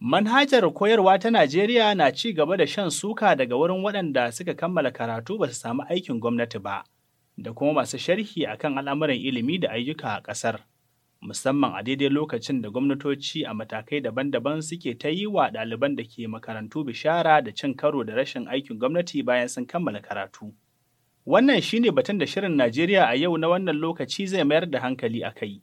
Manhajar koyarwa ta Najeriya na ci gaba da shan suka daga wurin waɗanda suka kammala karatu ba su samu aikin gwamnati ba, da kuma masu sharhi a kan al'amuran ilimi da ayyuka a ƙasar, musamman a daidai lokacin da gwamnatoci a matakai daban-daban suke ta yi wa ɗaliban da ke makarantu bishara da cin karo da rashin aikin gwamnati bayan sun kammala karatu. Wannan shine batun da shirin Najeriya a yau na wannan lokaci zai mayar da hankali a kai.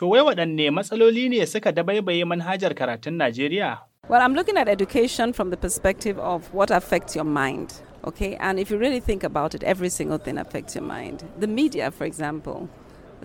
To wai waɗanne matsaloli ne suka dabaibaye manhajar karatun Najeriya? Well, I'm looking at education from the perspective of what affects your mind. Okay, and if you really think about it, every single thing affects your mind. The media, for example,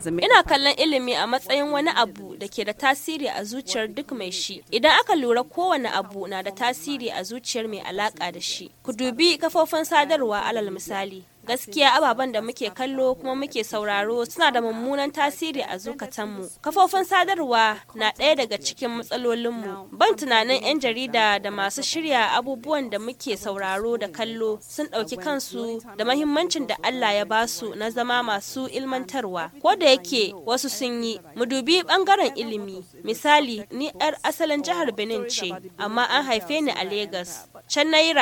Ina kallon ilimi a matsayin wani abu da ke da tasiri a zuciyar duk mai shi. Idan aka lura kowane abu na da tasiri a zuciyar mai alaƙa da shi. Ku dubi kafofin sadarwa alal misali. gaskiya ababen da muke kallo kuma muke sauraro suna da mummunan tasiri a zukatanmu kafofin sadarwa na ɗaya daga cikin matsalolinmu ban tunanin 'yan jarida da masu shirya abubuwan da muke sauraro da kallo sun ɗauki kansu da mahimmancin da allah ya basu na zama masu ilmantarwa ko da yake wasu sun yi mu dubi ɓangaren ilimi misali ni 'yar asalin jihar benin ce amma an haife ni a Legas. Can na yi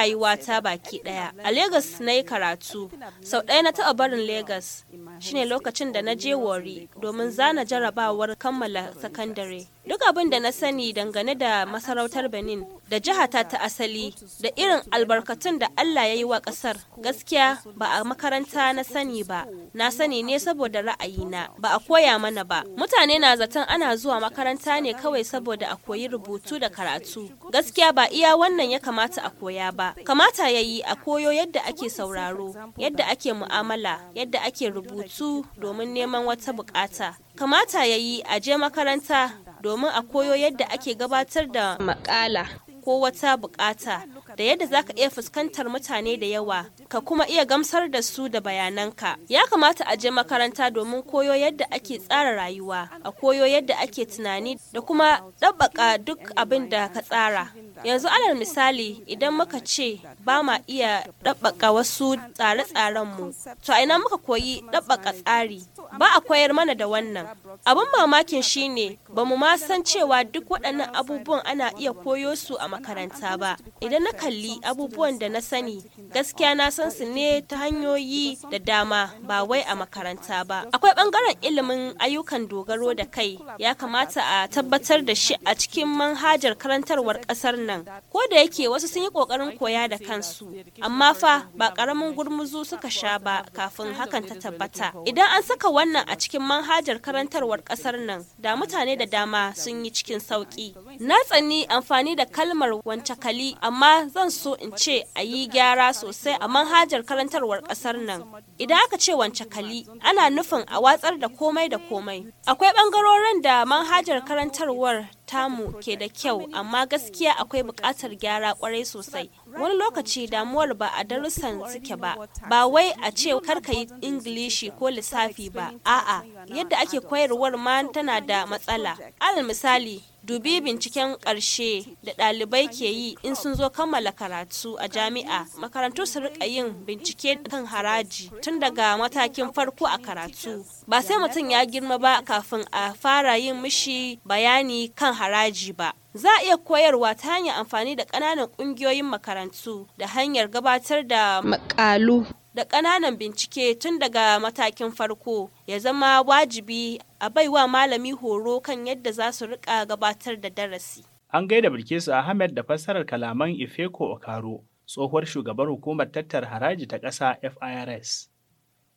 ta baki ɗaya. A Legas na yi karatu. Sau ɗaya na taɓa barin Legas. shine lokacin da na je wari domin zana jarabawar kammala sakandare. Duk abin da na sani dangane da masarautar Benin da jihata ta asali da irin albarkatun da Allah ya yi wa ƙasar gaskiya ba a makaranta na sani ba na sani ne saboda ra'ayina ba a koya mana ba mutane na zaton ana zuwa makaranta ne kawai saboda a koyi rubutu da karatu gaskiya ba iya wannan ya kamata a koya ba kamata ya yi a koyo yadda ake sauraro yadda ake mu'amala yadda ake rubutu rubutu domin neman wata bukata kamata ya yi a je makaranta domin a koyo yadda ake gabatar da makala ko wata bukata da yadda za ka iya fuskantar mutane da yawa ka kuma iya gamsar da su da bayananka ya kamata a je makaranta domin koyo yadda ake tsara rayuwa a koyo yadda ake tunani da kuma ɗabbaka duk abin da ka tsara yanzu alal misali idan muka ce ba ma iya ɗabbaka wasu tsare tsaren mu to a ina muka koyi ɗabbaka tsari ba a koyar mana da wannan Abun mamakin shine ba mu ma san cewa duk waɗannan abubuwan ana iya koyo su a makaranta ba idan na kalli abubuwan da na sani gaskiya na san su ne ta hanyoyi da dama ba wai a makaranta ba akwai ɓangaren ilimin ayyukan dogaro da kai ya kamata a tabbatar da shi a cikin manhajar karantarwar ƙasar nan nan ko da yake wasu sun yi kokarin koya da kansu amma fa ba karamin gurmuzu suka sha ba kafin hakan ta tabbata idan an saka wannan a cikin manhajar karantarwar kasar nan da mutane da dama sun yi cikin sauki na tsani amfani da kalmar wancakali amma zan so in ce a yi gyara sosai a manhajar karantarwar kasar nan idan aka ce wancakali ana nufin a watsar da komai da komai akwai bangarorin da manhajar karantarwar tamu ke da kyau amma gaskiya akwai buƙatar gyara kwarai sosai wani lokaci damuwar ba a darussan suke ba ba wai a ce karka yi ingilishi ko lissafi ba a'a yadda ake koyarwar ma tana da matsala alal misali dubi binciken ƙarshe da ɗalibai ke yi in sun zo kammala karatu a jami'a makarantu su rika yin bincike kan haraji tun daga matakin farko a karatu ba sai mutum ya girma ba kafin a fara yin mishi bayani kan haraji ba za a iya koyarwa ta hanyar amfani da ƙananan ƙungiyoyin makarantu da hanyar gabatar da makalu da ƙananan bincike tun daga matakin farko ya zama wajibi a baiwa malami horo kan yadda za su riƙa gabatar da darasi. An gaida Bilkisu Ahmed da fassarar kalaman Ifeko Okaro, tsohuwar shugabar hukumar tattar haraji ta ƙasa FIRS.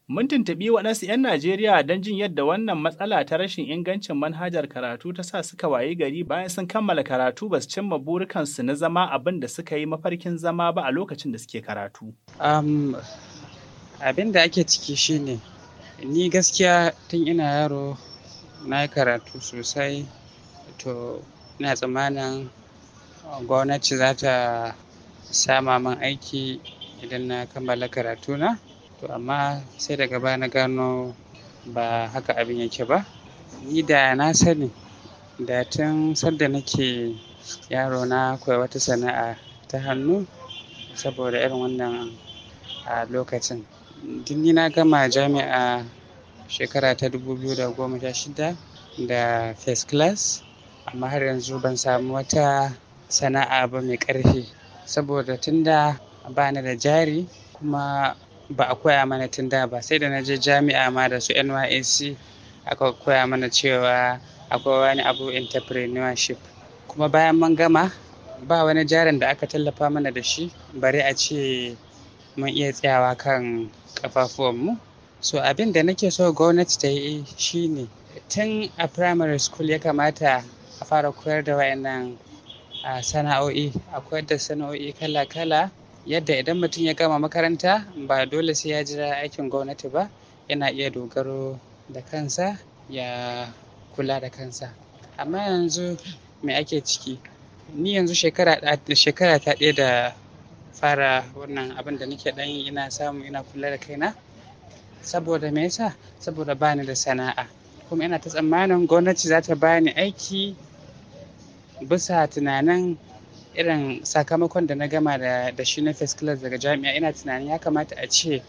Mun tuntuɓi waɗansu 'yan Najeriya don jin yadda wannan matsala ta rashin ingancin manhajar karatu ta sa suka wayi gari bayan sun kammala karatu ba su cimma burikansu na zama abin da suka yi mafarkin zama ba a lokacin da suke karatu. Um, abin da ake ciki shine ni gaskiya tun ina yaro na yi karatu sosai to ina tsammanin gwamnati za ta sama min aiki idan na kammala karatuna to amma sai daga baya na gano ba haka abin yake ba ni da na sani da tun sadda nake yaro na koya wata sana'a ta hannu saboda irin wannan a lokacin tun ni na gama jami'a shekara ta 2016 da shida first class amma har yanzu ban samu wata sana'a ba mai ƙarfi saboda tunda ba ni da jari kuma ba a koya mana tunda ba sai da na je jami'a ma da su nysc aka koya mana cewa akwai wani abu entrepreneurship kuma bayan mun gama ba wani jarin da aka tallafa mana da shi bari a ce mun iya tsayawa kan ƙafafuwanmu so abin da nake so gwamnati ta yi shine tun a primary school ya kamata a fara koyar da wayannan sana'o'i a koyar da sana'o'i kala-kala yadda idan mutum ya gama makaranta ba dole sai ya jira aikin gwamnati ba yana iya dogaro da kansa ya kula da kansa amma yanzu me ake ciki ni yanzu shekara ta ɗaya da fara wannan abin da nake ɗan ina samu ina kula da kaina saboda me yasa saboda bani da sana'a kuma ina ta tsammanin gwamnati za ta bani aiki bisa tunanin irin sakamakon da na gama da shi na first class daga jami'a ina tunanin ya kamata a ce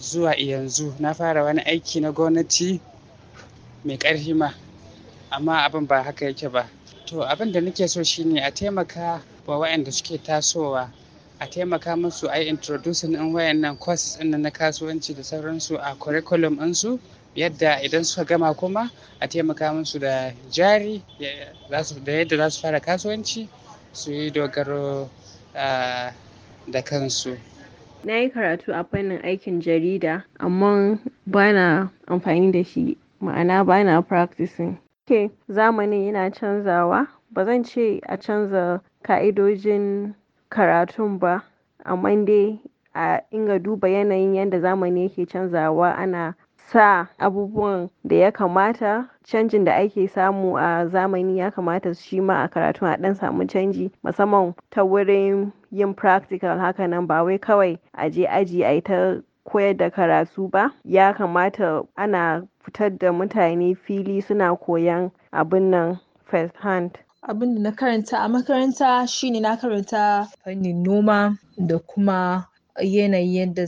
zuwa yanzu na fara wani aiki na gwamnati mai ƙarfi ma amma abin ba haka yake ba to abin da nake so shine a taimaka wa waɗanda suke tasowa a taimaka musu a introducing in wayannan courses ɗin na kasuwanci da sauransu a curriculum ɗinsu yadda idan suka gama kuma a taimaka musu da jari da yadda za su fara kasuwanci su yi dogaro da kansu na yi karatu a fannin aikin jarida amma ba na amfani da shi ma'ana ba na practicing ok zamanin yana canzawa ba zan ce a canza ka'idojin karatun ba amma dai a inga duba yanayin yadda zamani yake canzawa ana sa abubuwan da ya kamata canjin da ake samu a zamani ya kamata shi ma a karatun a ɗan samu canji musamman ta wurin yin practical haka nan ba wai kawai a je aji a yi ta koyar da karatu ba ya kamata ana fitar da mutane fili suna koyan abin nan first hand abinda na karanta a makaranta shine na karanta fannin noma da kuma yanayin yadda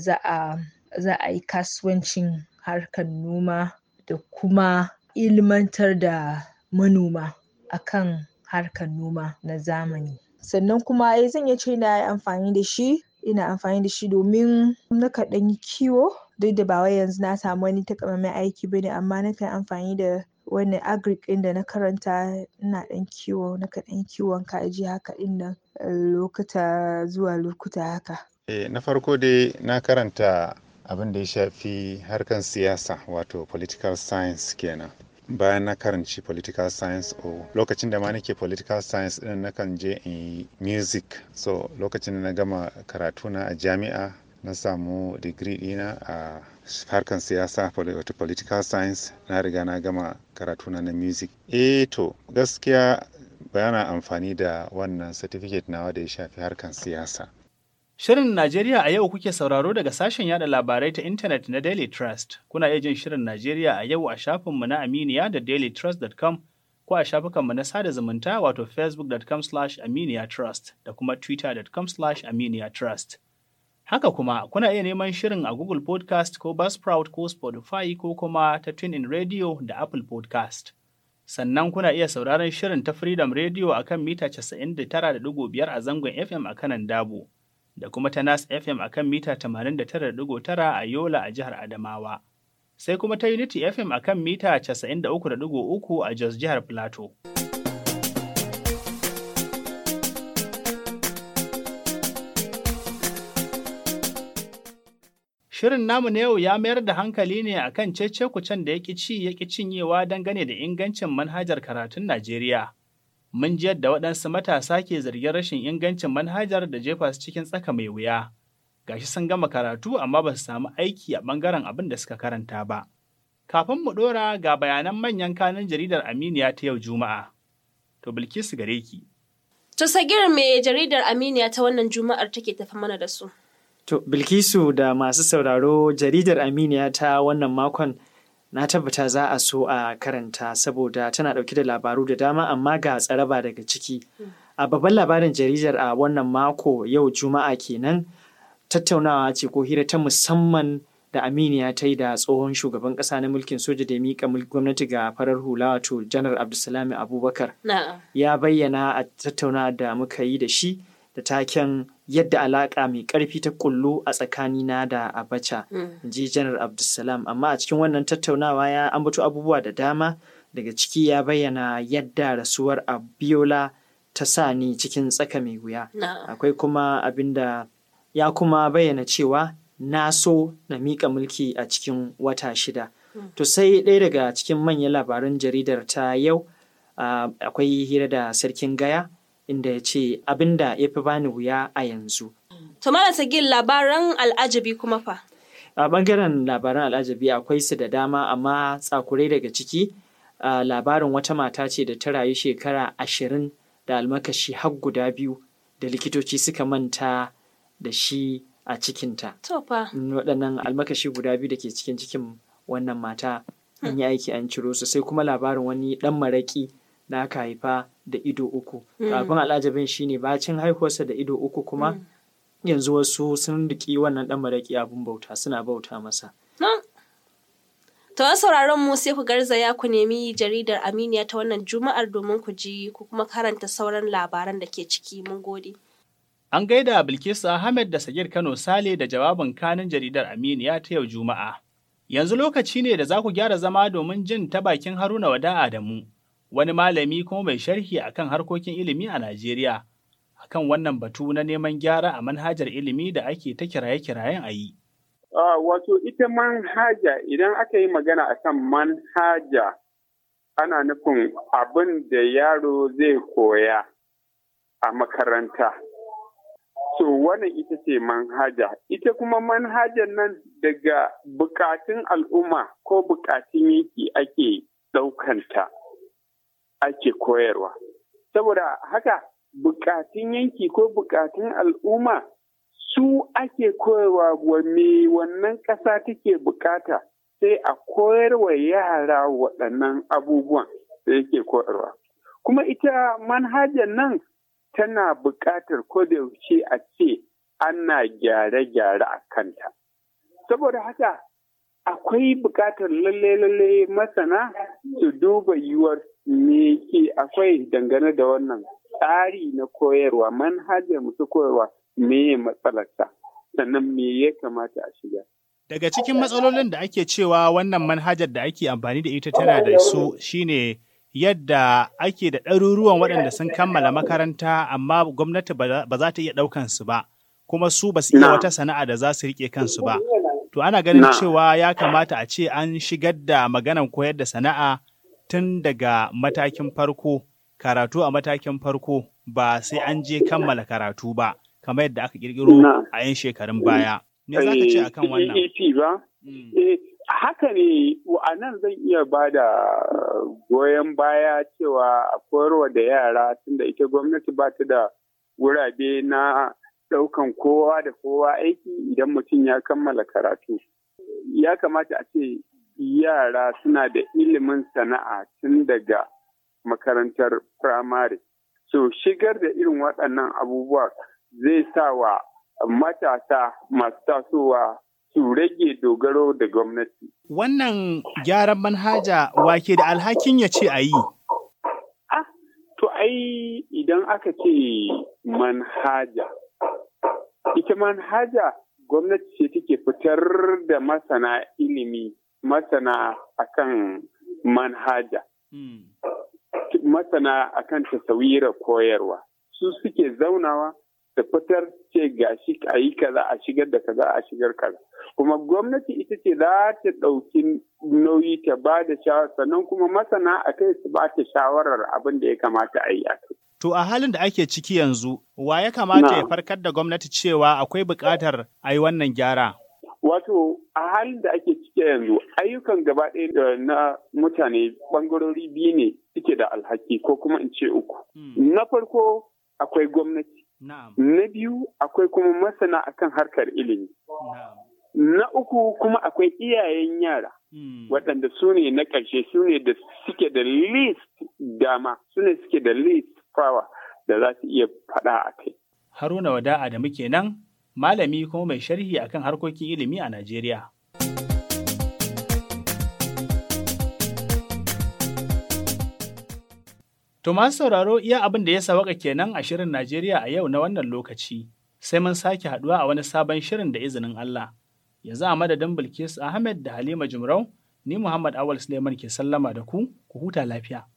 za a yi kasuwancin harkar noma da kuma ilmantar da manoma akan harkar noma na zamani sannan kuma eh, zan iya ce na yi amfani da shi ina amfani da shi domin na kaɗan yi kiwo duk da ba wai yanzu na samu wani takamaiman aiki bane amma na yi amfani da wani agric ɗin da na karanta ina ɗan kiwo naka ɗan kiwon kaji haka ɗin nan eh, lokuta zuwa lokuta haka. Eh, na farko dai na karanta abin da ya shafi harkan siyasa wato political science kenan. bayan na karanci political science o lokacin da ma nake political science na kan je in yi music so lokacin da na gama karatu na a jami'a na samu digiri ɗina a harkan siyasa wato political science na riga na gama karatu na na music eh to gaskiya bayana amfani da wannan certificate na da ya shafi harkan siyasa Shirin Najeriya a yau kuke sauraro daga sashen yada labarai ta intanet na Daily Trust. Kuna iya jin Shirin Najeriya a yau a shafinmu na Aminiya da dailytrust.com ko a shafukanmu na sada zumunta wato facebook.com/aminiya trust da kuma twitter.com/aminiya trust. Haka kuma kuna iya neman shirin a Google Podcast ko Buzzsprout ko Spotify ko kuma ta TuneIn Radio da Apple Podcast. Sannan kuna iya sauraron shirin ta Freedom Radio a kan mita 99.5 a zangon FM a kanan Dabo, da kuma ta Nas FM a kan mita 89.9 a Yola a jihar Adamawa. Sai kuma ta Unity FM a kan mita 93.3 a Jos jihar Plateau. Shirin namu na yau ya mayar da hankali ne a kan cece-kucen da ya ƙi ci ya ƙi cinyewa dangane da ingancin manhajar karatun Najeriya. Mun ji yadda waɗansu matasa ke zargin rashin ingancin manhajar da jefa su cikin tsaka mai wuya. Gashi sun gama karatu amma ba su samu aiki a ɓangaren abin da suka karanta ba. Kafin mu ɗora ga bayanan manyan kanun jaridar Aminiya ta yau Juma'a. To Bilkisu gare ki. To Sagir me jaridar Aminiya ta wannan Juma'ar take tafi mana da su? To, Bilkisu da masu sauraro jaridar Aminiya ta wannan makon na tabbata za a so a karanta saboda tana ɗauke da labaru da dama amma ga tsaraba daga ciki. A babban labarin jaridar a wannan mako yau Juma'a kenan tattaunawa ce ko hira ta musamman da Aminiya ta yi da tsohon shugaban ƙasa na mulkin soja da miƙa gwamnati ga farar hula wato Janar Abdulsalami Abubakar. Ya bayyana a tattaunawa da muka yi da shi. da taken yadda alaƙa mai ƙarfi ta kullu a tsakanina da abacha in ji janar abdulsalam amma a cikin wannan tattaunawa ya ambato abubuwa da dama daga ciki ya bayyana yadda rasuwar abiola ta sa ni cikin tsaka mai wuya akwai kuma abinda ya kuma bayyana cewa na so na miƙa mulki a cikin wata shida mm. to sai ɗaya daga cikin manyan labaran jaridar ta yau akwai hira da sarkin gaya inda ya ce abin da ya fi bani wuya a yanzu. To Malam Sagil labaran al'ajabi kuma fa? A bangaren labaran al'ajabi akwai su da dama amma tsakurai daga ciki labarin wata mata ce da ta rayu shekara ashirin da almakashi har guda biyu da likitoci suka manta da shi a cikinta. Tofa. Waɗannan almakashi guda biyu da ke cikin cikin wannan mata an yi aiki an ciro su sai kuma labarin wani ɗan maraƙi da aka haifa da ido uku mm. abin al'ajabin shine bacin haihuwarsa da ido uku kuma mm. yanzu wasu sun riki wannan dan maraƙi abin bauta suna bauta masa To sauraron mu sai ku ya ku nemi jaridar Aminiya ta wannan Juma'ar domin ku ji ku kuma karanta sauran labaran da ke ciki mun gode. An gaida Bilkisu Ahmed da Sagir Kano Sale da jawabin kanin jaridar Aminiya ta yau Juma'a. Yanzu lokaci ne da za ku gyara zama domin jin ta bakin Haruna Wada'a da mu. wani malami kuma mai sharhi akan harkokin ilimi a Najeriya akan wannan batu na neman gyara a manhajar ilimi da ake ta kiraye-kirayen a yi. Ah, wato ita manhaja idan aka yi magana akan manhaja ana nufin abin da yaro zai koya a makaranta. So wannan ita ce manhaja, ita kuma manhajar nan daga bukatun al'umma ko bukatun yake ake ɗaukanta. ake koyarwa. Saboda haka bukatun yanki ko bukatun al'umma su ake koyarwa wa me wannan ƙasa take bukata sai a koyarwa yara waɗannan abubuwan da yake koyarwa. Kuma ita manhajar nan tana buƙatar yaushe a ce ana gyare-gyare a kanta. Saboda haka akwai bukatar lalle-lalle masana su duba yiwuwar me ke akwai dangane da wannan tsari na koyarwa manhajar musu koyarwa me ya matsalarsa sannan me ya kamata a shiga. Daga cikin matsalolin da ake cewa wannan manhajar da ake amfani da ita tana da su shine yadda ake da ɗaruruwan waɗanda sun kammala makaranta amma gwamnati ba za ta iya ɗaukan su ba kuma su ba su iya wata sana'a da za su riƙe kansu ba To ana ganin cewa ya kamata a ce an shigar da maganan koyar da sana'a tun daga matakin farko, karatu a matakin farko ba sai an je kammala karatu ba, kamar yadda aka ƙirƙiro a 'yan shekarun baya. Me za ka ce eh, a kan wannan? Eh, eh, hmm. Haka ne, a nan zan iya ba da goyon baya cewa a koyarwa da yara tunda ita gwamnati ba ta da wurabe na ɗaukan kowa da kowa aiki idan mutum ya kammala karatu. Ya kamata a ce yara suna da ilimin sana'a tun daga makarantar firamare. So shigar da irin waɗannan abubuwa zai sa wa matasa masu tasowa su rage dogaro da gwamnati. Wannan gyaran manhaja wake da alhakin ya ce a yi. Ah, to ai idan aka ce manhaja Ita manhaja gwamnati ce take fitar da masana ilimi, masana akan manhaja. Hmm. Masana akan tasawira koyarwa. Su suke zaunawa da fitar ce gashi a yi kaza a shigar da kaza a shigar kaza kuma gwamnati ita ce za ta ɗauki nauyi ta ba da shawara sannan kuma masana a kai su ba ta shawarar abin da ya kamata a yi a kai To a halin da ake ciki yanzu, wa ya kamata ya farkar da gwamnati cewa akwai buƙatar a yi wannan gyara? Wato, a halin da ake ciki yanzu, ayyukan gaba ɗaya eh, na mutane ɓangarori biyu ne suke da alhaki ko kuma in ce uku. Hmm. Na farko akwai gwamnati. Na biyu akwai kuma masana akan harkar ilimi. Na uku kuma akwai iyayen yara. Hmm. Waɗanda su ne na ƙarshe su ne da suke da list dama, su ne suke da list fatawa da za su iya faɗa a kai. Haruna Wada'a da muke nan, malami kuma mai sharhi akan harkokin ilimi a Najeriya. To masu sauraro iya abin da ya sawaka kenan a shirin Najeriya a yau na wannan lokaci, sai mun sake haduwa a wani sabon shirin da izinin Allah. Yanzu a madadin Bilkis Ahmed da Halima Jumrau, ni Muhammad Awal Suleiman ke sallama da ku, ku huta lafiya.